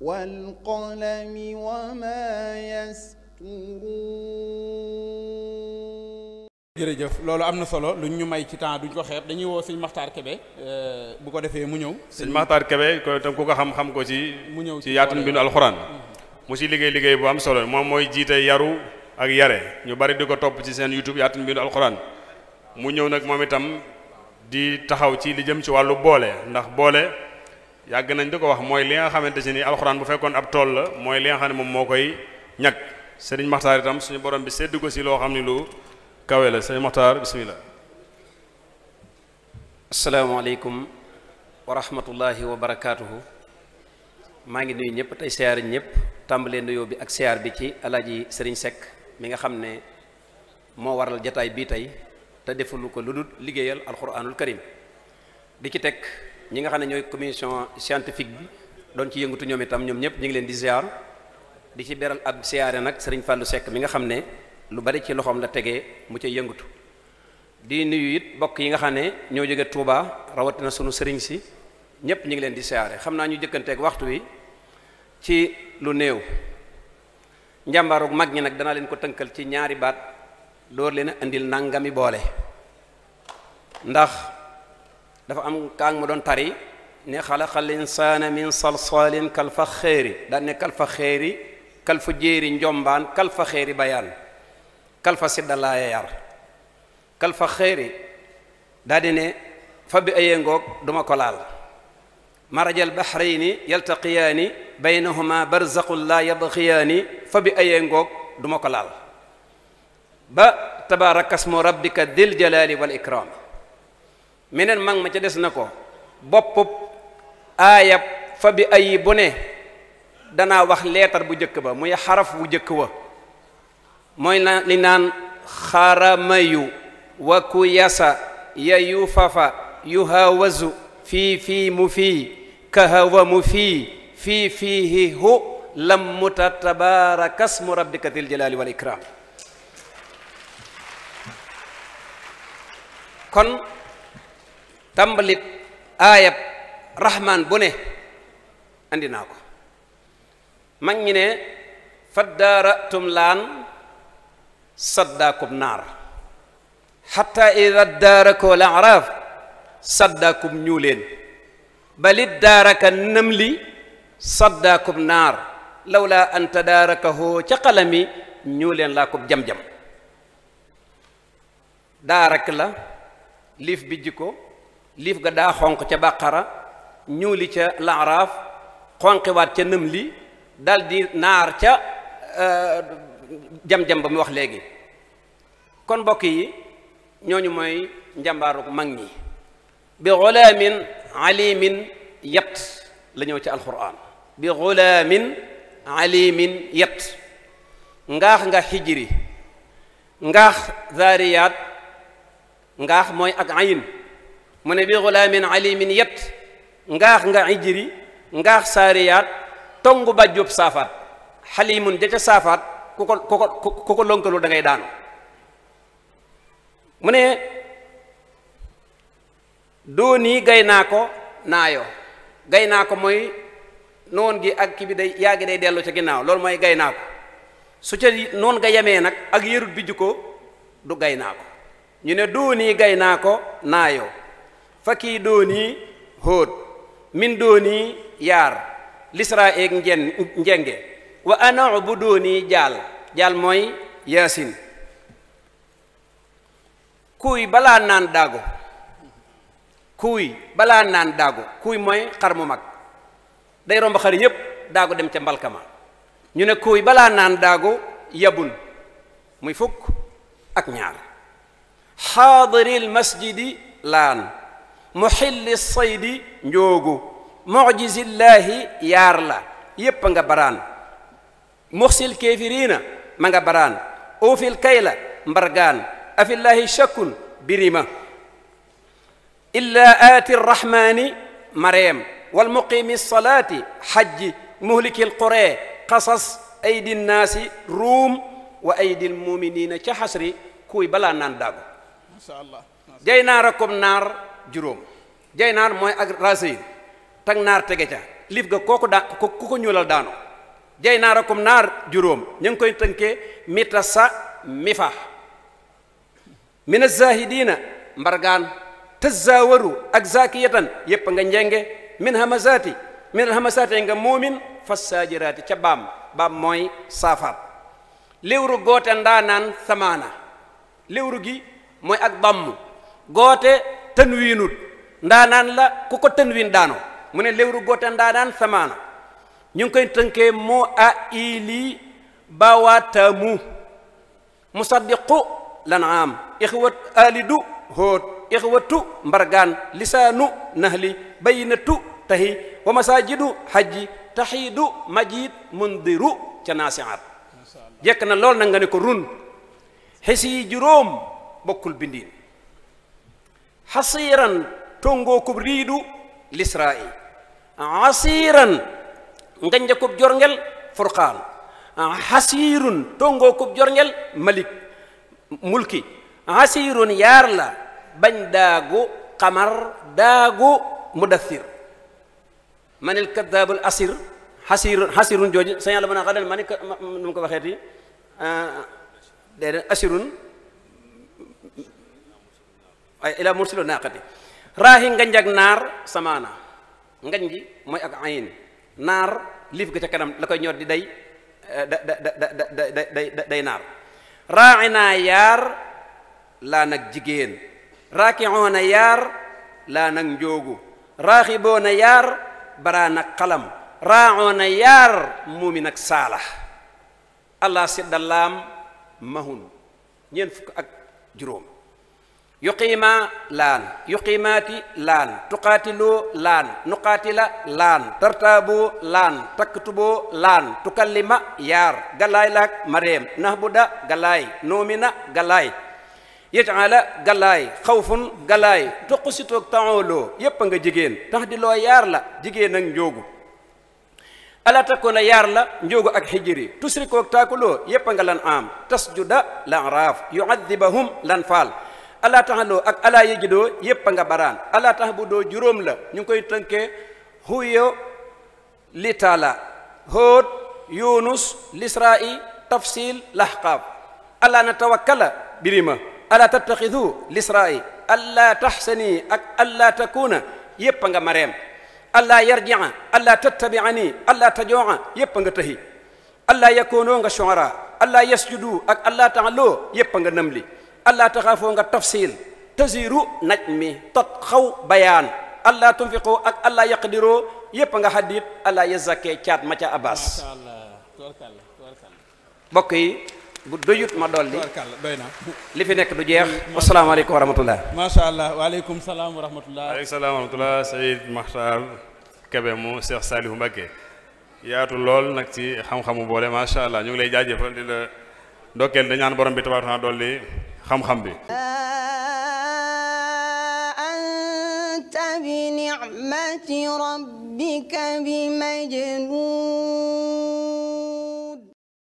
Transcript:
والقلم وما يسطرون jërëjëf loolu am na solo lu ñu may ci temps duñ ko xeeb dañuy woo sëñ Maxtaar Kebe euh, bu ko defee mu ñëw. sëñ Maxtaar Kebe ko ku ko xam-xam ko ci. mu ñëw ci yaatu mbindu alxuraan. Mm-hmm. mu ci liggéey liggéey bu am solo moom mooy jiite yaru ak yare ñu bari di ko topp ci seen YouTube yaatu mbindu alxuraan mu ñëw nag moom itam di taxaw ci li jëm ci wàllu boole ndax boole. yàgg nañ di ko wax mooy li nga xamante si ni alxuraan bu fekkoon ab tool la mooy li nga xam ne moom moo koy ñag sëriñ maxtaar itam suñu borom bi séddu ko si loo xam ne lu kawe la sëriñ maxtaar bismillah asalaamaaleykum wa rahmatullahi wa barakaatuhu maa ngi nuyu ñëpp tey siyaar ñëpp tàmbalee nuyoo bi ak siyaar bi ci alaaji sëriñ sekk mi nga xam ne moo waral jataay bii tey te defalu ko lu dul liggéeyal alxuraanul karim di ci teg ñi nga xam ne ñooy commission scientifique bi doon ci yëngatu ñoom itam ñoom ñëpp ñu ngi leen di ziar di ci beral ab siyaare nag Serigne Fallou sekk mi nga xam ne lu bari ci loxoom la tegee mu ci yëngatu di nuyu it bokk yi nga xam ne ñoo jóge Touba rawatina sunu sëriñ si ñëpp ñu ngi leen di siyaare xam naa ñu jëkkanteeg waxtu wi ci lu néew njàmbaarug mag ñi nag danaa leen ko tënkal ci ñaari baat door leen a indil nangami boole ndax. dafa am kaang ma doon tari ne xalaqal insaana min salsaalin kal fa xéeri daan ne kal fa xéeri kal njombaan kal fa bayaan kal sidda laaya yar kal fa xéeri ne fa bi ayee ngoog duma ko laal marajal bahrayni yaltaqiyaani baynahuma barzaqun laa yabxiyaani fa bi ayee ngoog duma ko laal ba tabaarakas mu rabbika dil jalaali wal ikraam meneen mag ma ca des na ko boppub aayab fa bi ayi bu ne danaa wax leetar bu jëkk ba muy xaraf bu jëkk wa mooy na li naan xaramayu wa yasa ya yu fafa yu hawazu fii fii mu fii kahawa mu fii fii hu lam muta tabarakasmu rabbika dil jalali wal ikram kon tàmbalib aayab rahmaan bu ne andi naa ko mag ñi ne faddaaratum laan saddaakum naar xatta ida daarakoo la araaf saddaakum ñuuleen balit daaraka namli saddaakum naar lawla an tadaarakahoo ca qalami ñuuleen laa ko jam-jam daarak la liif bi jikko liif ga daa xonq ca bàqara ñuuli ca laaraaf xonqiwaat ca nëm li dal di naar ca euh, jam-jam ba mu wax léegi kon mbokk yi ñooñu mooy njàmbaaru mag ñi bi xulaamin alimin yat la ñëw ci alquran bi xulaamin alimin yat ngaax nga xijiri ngaax zaariyaat ngaax mooy ak ayin mu ne bi xulaamin alimin yet ngaax nga ijiri ngaax saariyaat tongu ba jób saafaat xalimun ja ca saafaat ku ko ku ko ku ko da ngay daanu mu ne doonii gay naa ko naayo gay naa ko mooy noon gi ak ki bi day yaa gi day dellu ca ginnaaw loolu mooy gay naa ko su ca noon nga yemee nag ak yërut bi jukkoo du gay naa ñu ne doonii gay naa ko naayo fakii dooni hóod min dooni yaar lisra eeg njenge wa ana bu dooni jaal jaal mooy yaasin kuuy balaa naan daago kuuy balaa naan daago kuuy mooy xar mu mag day romb xar yépp daago dem ca mbalkama ñu ne kuuy balaa naan daago yabun muy fukk ak ñaar xaadiril masjidi laan muxilli saydi njoogu mojisillaahi yaar la yépp nga baraan muxsil kéefiriina ma nga baraan uufil kayla mbargaan afillaahi shakkun birima illaa aati rrahmaani mareem walmuqiimi salaati xajji muhliki lquree qasas aydi nnaasi ruum wa aydi lmuminiina ca xasri kuy balaa naan daagu jay naara kom naar juróom jay naar mooy ak raseyin tak naar tege ca lif ga kooku daa ku ko ñuulal daanu jay naar akum naar juróom ñu ngi koy tënkee mita sa mifa mina zahidina mbargaan tazawaru ak zakiyatan yépp nga njenge min hamasati min hamasati nga moomin fasajirati ca baam baam mooy saafaat léwru goote ndaanaan samaana léwru gi mooy ak bàmm goote tanwiinul ndaanaan la ku ko tanwiin daanoo mu ne léwru goota ndaanaan samaana ñu ngi koy tënkee moo a ili bawaatamu musaddiqu lan am ixwat alidu hóot ixwatu mbargaan lisaanu nahli bayinatu tahi wa masajidu hajji taxiidu majid mundiru ca naasiat jekk na lool na nga ne ko run xis juróom bokkul bindiin hasiran tongo ko riidu l'israi asiran gañja ko jorngel furqan hasirun tongo ko jorngel malik mulki hasirun yarla bañ daago qamar daago mudathir man al kadab al asir hasirun hasirun jooju sañal mën a xadal man nu mu ko waxeeti ah, déedéet asirun ay ila mursilu naaqati raahi nganjak naar samaana ngañ gi ak ayin naar liif ga ca kanam la ñor di day eh, da da da da day naar yaar laa nag jigéen raakihoona yaar laa nag njoogu raaxiboona yaar baraa nag xalam raaxoona yaar muumi nag saala allah sidda laam mahun ñeent fukk ak juróom yuqiima laan yuqiimaati laan tuqaatiloo laan nuqaatila laan tartaaboo laan taktuboo laan tukallima yaar galaay laak mareem nahbuda galaay noomina galaay yajcala galaay xawfun galaay tuqusitoog taxooloo yépp nga jigéen tax yaar la jigéen ak njoogu ala takkoona yaar la njoogu ak xijiri tusrikoog taakuloo yépp nga lan am tasjuda lan raaf yuadibahum lan faal alaa taxaloo ak alaa yejidoo yépp a nga baraan alaa tax bu doo juróom la ñu ngi koy tënkee huyo li taala hóot yunus lisra'i tafsil lahqaab alaa na tawakkala birima alaa tattaxidu lisra'i allaa taxsani ak allaa takuuna yépp a nga mareem allaa yarjia allaa tattabiani allaa tajooa yépp a nga tëhi allaa yakoonoo nga shuara allaa yasjudu ak allaa taxaloo yépp a nga nëmli allaa taxaafoo nga tafsil tasiru naj mi tot xaw bayaan allaa tunfiqoo ak allaa yaqdiroo yépp nga xaddiit allaa yezakkee caat ma ca abbas mbokk yi bu doyut ma dolli li fi nekk du jeex asalaamaaleykum wa rahmatullah macha allah waaleykum salaam wa rahmatullah waaleykum salaam wa rahmatullah Sayid Maxtaar Kebe mu Cheikh Saliou Mbacké yaatu lool nag ci xam-xamu boole macha allah ñu ngi lay jaajëfal di la ndokkeel da ñaan borom bi tabaaraka dolli xam-xam bi anta bi ni'mati rabbika bi majnun